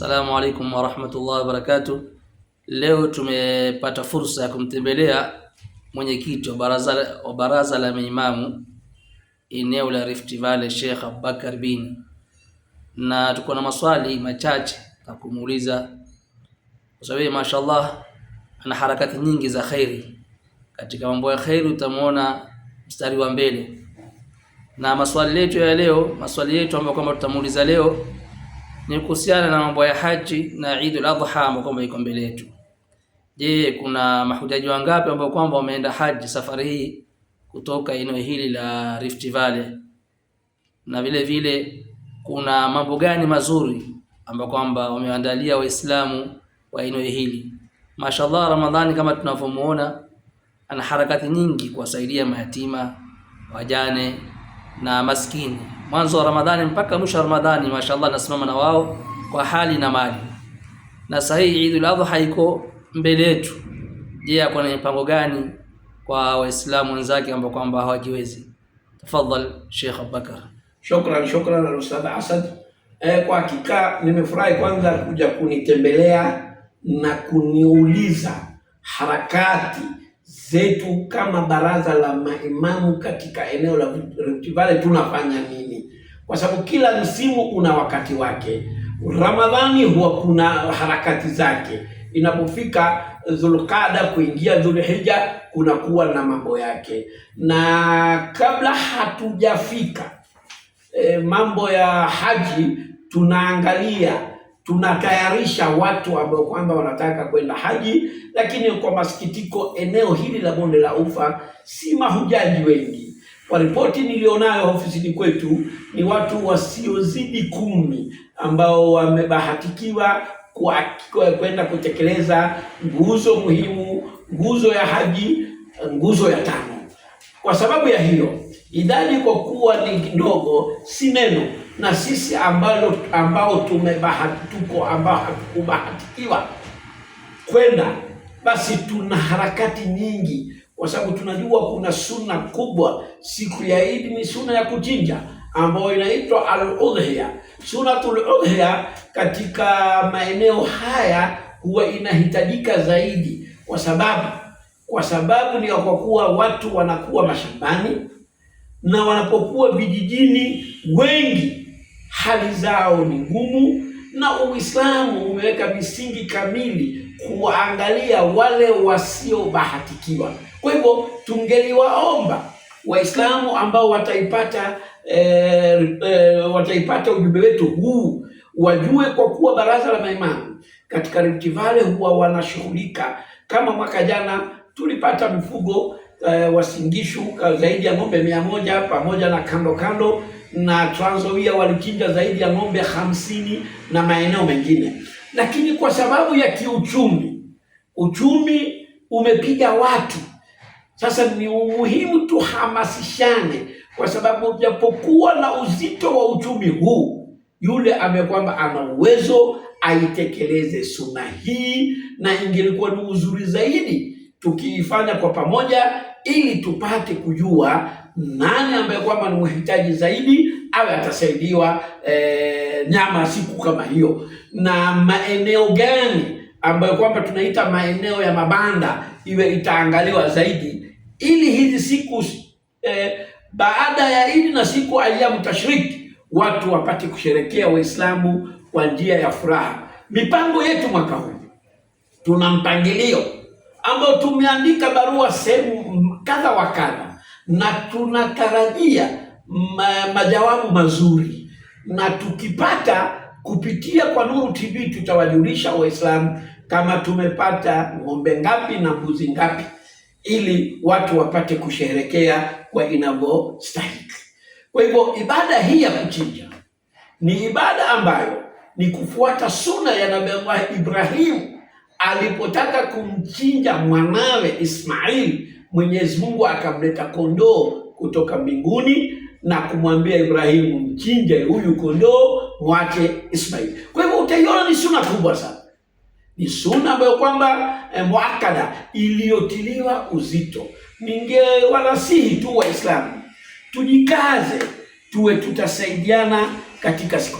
Assalamu alaikum warahmatullahi wabarakatu Leo tumepata fursa ya kumtembelea mwenyekiti wa baraza wa baraza la maimamu eneo la Rift Valley Sheikh Abubakar Bin, na tuko na maswali machache na kumuuliza, kwa sababu mashaallah ana harakati nyingi za khairi. Katika mambo ya khairi utamuona mstari wa mbele, na maswali yetu ya leo, maswali yetu ambayo kwamba tutamuuliza leo ni kuhusiana na mambo ya haji na Eidul Adha ambao kwamba iko mbele yetu. Je, kuna mahujaji wangapi ambao kwamba wameenda haji safari hii kutoka eneo hili la Rift Valley? Na vile vile kuna mambo gani mazuri ambayo kwamba wameandalia Waislamu wa eneo hili? Mashallah, Ramadhani kama tunavyomuona ana harakati nyingi kuwasaidia mayatima, wajane na maskini, mwanzo wa Ramadhani mpaka mwisho wa Ramadhani, mashaallah nasimama na wao kwa hali na mali. Na sahihi Idul Adha iko mbele yetu. Je, ako na mpango gani kwa Waislamu wenzake ambao kwamba hawajiwezi? Tafadhal Sheikh Abubakar. Shukran, shukran al Ustadh Asad. Eh, kwa hakika nimefurahi kwanza kuja kunitembelea na kuniuliza harakati zetu kama baraza la maimamu katika eneo la Rift Valley tunafanya nini, kwa sababu kila msimu una wakati wake. Ramadhani huwa kuna harakati zake, inapofika Dhulqada kuingia kuna kunakuwa na mambo yake, na kabla hatujafika e, mambo ya haji tunaangalia tunatayarisha watu ambao kwamba wanataka kwenda haji, lakini kwa masikitiko, eneo hili la bonde la ufa si mahujaji wengi. Kwa ripoti nilionayo ofisini kwetu, ni watu wasiozidi kumi ambao wamebahatikiwa kwenda kutekeleza nguzo muhimu, nguzo ya haji, nguzo ya tano. Kwa sababu ya hiyo idadi, kwa kuwa ni ndogo, si neno na sisi ambao tumebahati tuko ambao hatukubahatikiwa kwenda, basi tuna harakati nyingi, kwa sababu tunajua kuna sunna kubwa. Siku ya Eid ni sunna ya kuchinja ambayo inaitwa al-udhiya. Sunnatul udhiya katika maeneo haya huwa inahitajika zaidi, kwa sababu kwa sababu ni kwa kuwa watu wanakuwa mashambani na wanapokuwa vijijini wengi hali zao ni ngumu, na Uislamu umeweka misingi kamili kuwaangalia wale wasiobahatikiwa. Kwa hivyo tungeliwaomba Waislamu ambao wataipata e, e, wataipata ujumbe wetu huu wajue, kwa kuwa baraza la maimamu katika Rift Valley huwa wanashughulika. Kama mwaka jana tulipata mfugo e, eh, wasingishu zaidi ya ng'ombe mia moja pamoja na kando kando na Trans Nzoia walichinja zaidi ya ng'ombe hamsini na maeneo mengine, lakini kwa sababu ya kiuchumi, uchumi umepiga watu. Sasa ni umuhimu tuhamasishane, kwa sababu japokuwa na uzito wa uchumi huu, yule amekwamba kwamba ana uwezo aitekeleze suna hii, na ingelikuwa ni uzuri zaidi tukiifanya kwa pamoja ili tupate kujua nani ambaye kwamba ni mhitaji zaidi awe atasaidiwa e, nyama siku kama hiyo, na maeneo gani ambayo kwamba tunaita maeneo ya mabanda iwe itaangaliwa zaidi, ili hizi siku e, baada ya Idi na siku ayamu tashrik watu wapate kusherekea Waislamu kwa njia ya furaha. Mipango yetu mwaka huu tuna mpangilio ambao tumeandika barua sehemu kadha wa kadha, na tunatarajia ma, majawabu mazuri, na tukipata kupitia kwa Nuru TV tutawajulisha Waislamu kama tumepata ng'ombe ngapi na mbuzi ngapi, ili watu wapate kusherekea kwa inavyostahili. Kwa hivyo ibada hii ya kuchinja ni ibada ambayo ni kufuata suna ya Nabii Allah Ibrahimu alipotaka kumchinja mwanawe Ismaili Mwenyezi Mungu akamleta kondoo kutoka mbinguni na kumwambia Ibrahimu, mchinje huyu kondoo, mwache ismail Kwa hivyo utaiona ni suna kubwa sana, ni suna ambayo kwamba eh, mwakada iliyotiliwa uzito. wanasihi tu Waislamu tujikaze, tuwe tutasaidiana katika siku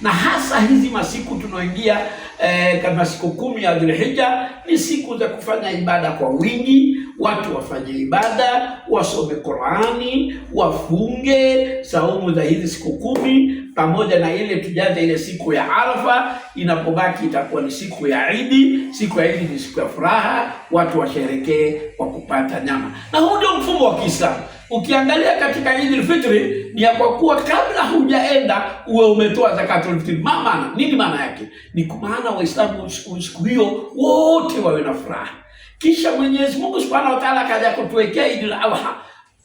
na hasa hizi masiku tunaoingia eh, kama siku kumi ya Dhulhijja ni siku za kufanya ibada kwa wingi. Watu wafanye ibada, wasome Qurani, wafunge saumu za hizi siku kumi pamoja na ile tujaze ile siku ya Arafa inapobaki, itakuwa ni siku ya Idi. Siku ya Idi ni siku ya furaha, watu washerekee kwa kupata nyama, na huu ndio mfumo wa Kiislamu. Ukiangalia katika al Fitri ni ya kwa kuwa kabla hujaenda uwe umetoa zakatul fitri. Mama nini maana yake? Ni kwa maana Waislamu siku hiyo wote wawe na furaha. Kisha Mwenyezi Mungu Subhanahu wa Ta'ala akaja kutuwekea al Adha,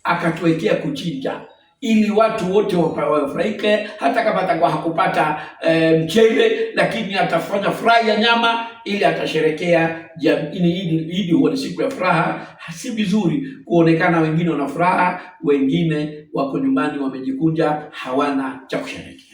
akatuwekea kuchinja ili watu wote wafurahike, hata kama atakuwa hakupata e, mchele, lakini atafanya furaha ya nyama ili atasherekea Idi. Huwa ni siku ya furaha. Si vizuri kuonekana wengine wana furaha, wengine wako nyumbani wamejikunja, hawana cha kusherekea.